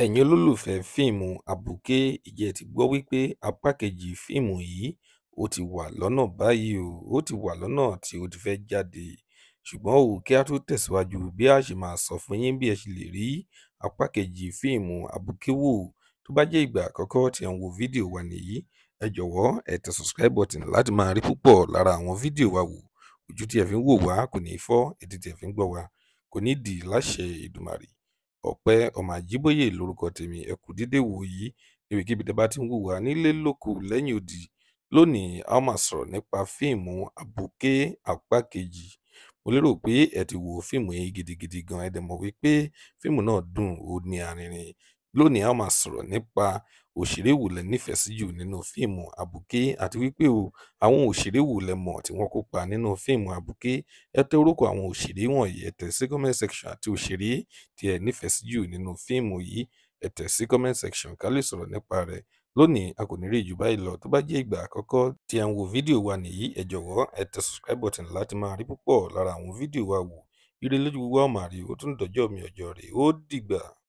Ẹ̀yin olólùfẹ́ fíìmù àbùké ǹjẹ́ ẹ ti gbọ́ wípé apá kejì fíìmù yìí ó ti wà lọ́nà báyìí o, ó ti wà lọ́nà tí ó ti fẹ́ jáde. Ṣùgbọ́n o kí a tó tẹ̀síwájú bí a ṣe máa sọ fún yín bí ẹ ṣe lè rí apá kejì fíìmù àbùké wò. Tó bá jẹ́ ìgbà àkọ́kọ́ tí ẹ ń wo fídíò wa nìyí, ẹ jọ̀wọ́ ẹ tẹ subscribe button láti máa rí púpọ̀ lára àwọn fídíò wa wò. Ojú tí ẹ fi ń wò wá kò ní fọ́, etí tí ẹ fi ń gbọ́ wa kò ní dì láṣẹ Èdùmàrè ọpẹ́ ọmọ àjíbóyè lórúkọ tèmi ẹ kú dédé wòyí níbikíbi tẹ́ bá ti ń wù wá nílé lóko lẹ́yìn odi lónìí a ó máa sọ̀rọ̀ nípa fíìmù àbòké apá kejì mo lérò pé ẹ ti wo fíìmù yìí gidigidi gan ẹ dẹ̀ mọ̀ wípé fíìmù náà dùn ó ní arinrin lónìí a ó máa sọ̀rọ̀ nípa òṣèré wo lẹ nífẹ̀ẹ́ sí jù nínú fíìmù Àbùké àti wípé o, àwọn òṣèré wo lẹ mọ̀ tí wọ́n kópa nínú fíìmù Àbùké? Ẹ tẹ orúkọ àwọn òṣèré wọ̀nyí, ẹ tẹ̀ sí comment section àti òṣèré tí ẹ nífẹ̀ẹ́ sí jù nínú fíìmù yìí, ẹ tẹ̀ sí comment section ká lè sọ̀rọ̀ nípa rẹ̀. Lónìí, a kò ní rí ju báyìí lọ, tó bá jẹ́ ìgbà àkọ́kọ́ tí ẹ ń wo fídíò wa nìyí, ẹ jọ̀wọ́ ẹ tẹ subscribe button láti máa rí púpọ̀ lára àwọn fídíò wa wò. Ire lójú gbogbo wa máa rí, ó tún dọjọ́ mi ọjọ́ rè, ó dìgbà.